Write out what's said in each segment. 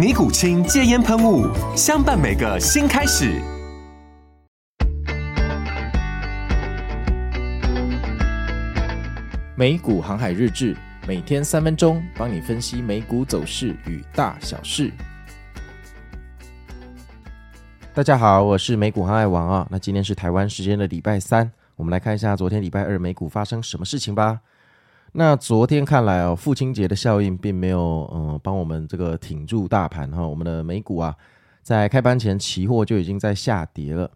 尼古清戒菸噴霧，相伴每個新開始。美股航海日志，每天三分鐘，幫你分析美股走勢與大小事。大家好，我是美股航海王啊。那今天是台灣時間的禮拜三，我們來看一下昨天禮拜二美股發生什麼事情吧。那昨天看來哦，父親節的效應並沒有嗯、呃、幫我們這個挺住大盤哈、哦，我們的美股啊，在開盤前期貨就已經在下跌了。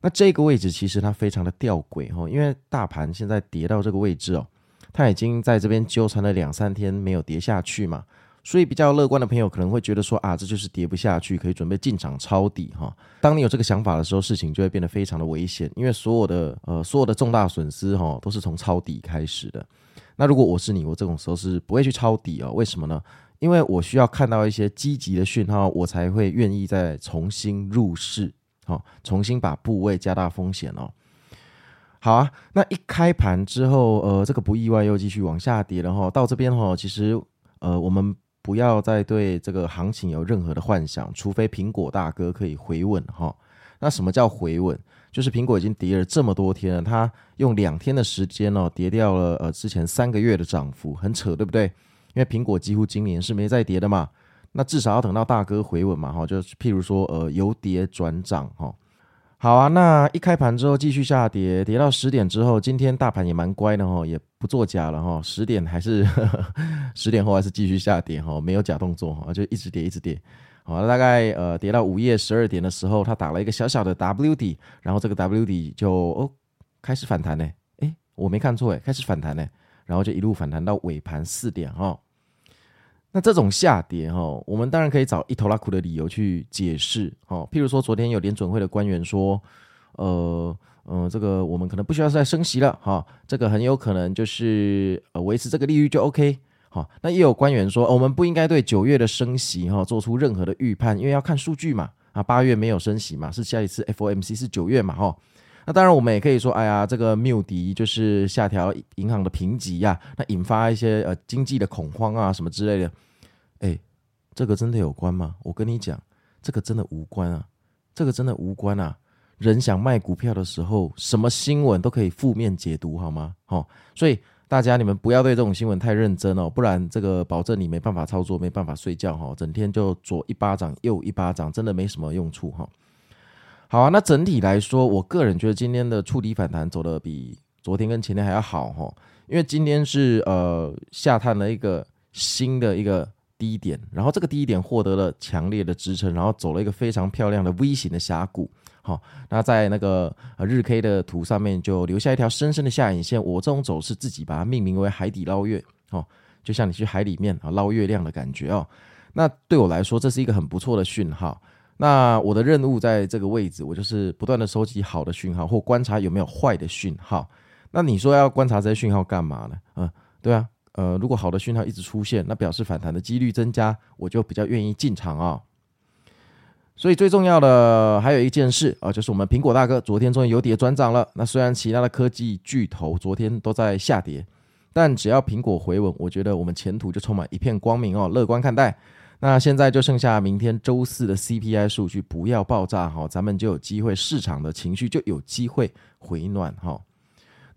那這個位置其實它非常的吊詭哈、哦，因為大盤現在跌到這個位置哦，它已經在這邊糾纏了兩三天沒有跌下去嘛，所以比較樂觀的朋友可能會覺得說啊，這就是跌不下去，可以準備進場抄底哈、哦。當你有這個想法的時候，事情就會變得非常的危險，因為所有的呃所有的重大損失哈、哦，都是從抄底開始的。那如果我是你，我這種時候是不會去抄底啊、哦？為什麼呢？因為我需要看到一些積極的訊號，我才會願意再重新入市，好、哦，重新把部位加大風險哦。好啊，那一開盤之後，呃，這個不意外又繼續往下跌，然後到這邊哈、哦，其實呃，我們不要再對這個行情有任何的幻想，除非蘋果大哥可以回穩哈。哦那什麼叫回穩？就是蘋果已經跌了這麼多天了，它用兩天的時間哦，跌掉了呃之前三個月的漲幅，很扯，對不對？因為蘋果幾乎今年是沒再跌的嘛。那至少要等到大哥回穩嘛，哈、哦，就譬如說呃由跌轉漲，哈、哦。好啊，那一開盤之後繼續下跌，跌到十點之後，今天大盤也蠻乖的哈、哦，也不作假了哈、哦，十點還是 十點後還是繼續下跌哈，沒有假動作哈，就一直跌一直跌。好，大概呃，跌到午夜十二點的時候，他打了一個小小的 W 底，然後這個 W 底就哦開始反彈呢，誒，我沒看錯，誒，開始反彈呢，然後就一路反彈到尾盤四點哈、哦。那這種下跌哈、哦，我們當然可以找一拖拉庫的理由去解釋，好、哦，譬如說昨天有聯準會的官員說，呃，嗯、呃，這個我們可能不需要再升息了哈、哦，這個很有可能就是、呃、維持這個利率就 OK。那也有官員說，我們不應該對九月的升息哈、哦、做出任何的預判，因為要看數據嘛。啊，八月沒有升息嘛，是下一次 FOMC 是九月嘛哈、哦。那當然，我們也可以說，哎呀，這個穆迪就是下調銀行的評級呀、啊，那引發一些呃經濟的恐慌啊什麼之類的。誒、欸，這個真的有關嗎？我跟你講，這個真的無關啊，這個真的無關啊。人想賣股票的時候，什麼新聞都可以負面解讀，好嗎？好、哦，所以。大家，你們不要對這種新聞太認真哦，不然這個保證你沒辦法操作，沒辦法睡覺哦，整天就左一巴掌右一巴掌，真的沒什麼用處哦。好啊，那整體來說，我個人覺得今天的觸底反彈走的比昨天跟前天還要好哦，因為今天是呃下探了一個新的一個。低點，然後這個低點獲得了強烈的支撐，然後走了一個非常漂亮的 V 型的峽谷。好、哦，那在那個日 K 的圖上面就留下一條深深的下影線。我這種走勢自己把它命名為“海底撈月”。哦，就像你去海裡面啊、哦、撈月亮的感覺哦。那對我來說，這是一個很不錯的訊號。那我的任務在這個位置，我就是不斷的收集好的訊號，或觀察有沒有壞的訊號。那你說要觀察這些訊號幹嘛呢？嗯，對啊。呃，如果好的訊號一直出現，那表示反彈的幾率增加，我就比較願意進場啊、哦。所以最重要的還有一件事啊、呃，就是我們蘋果大哥昨天終於由跌轉漲了。那雖然其他的科技巨頭昨天都在下跌，但只要蘋果回穩，我覺得我們前途就充滿一片光明哦，樂觀看待。那現在就剩下明天週四的 CPI 數據不要爆炸哈、哦，咱們就有機會，市場的情緒就有機會回暖哈、哦。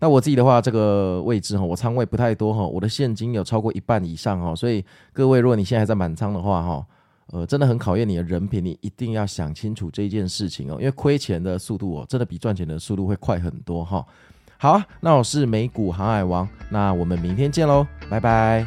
那我自己的話，這個位置哈、哦，我倉位不太多哈、哦，我的現金有超過一半以上哈、哦，所以各位，如果你現在還在滿倉的話哈、哦，呃，真的很考驗你的人品，你一定要想清楚這件事情哦，因為虧錢的速度哦，真的比賺錢的速度會快很多哈、哦。好啊，那我是美股航海王，那我們明天見嘍，拜拜。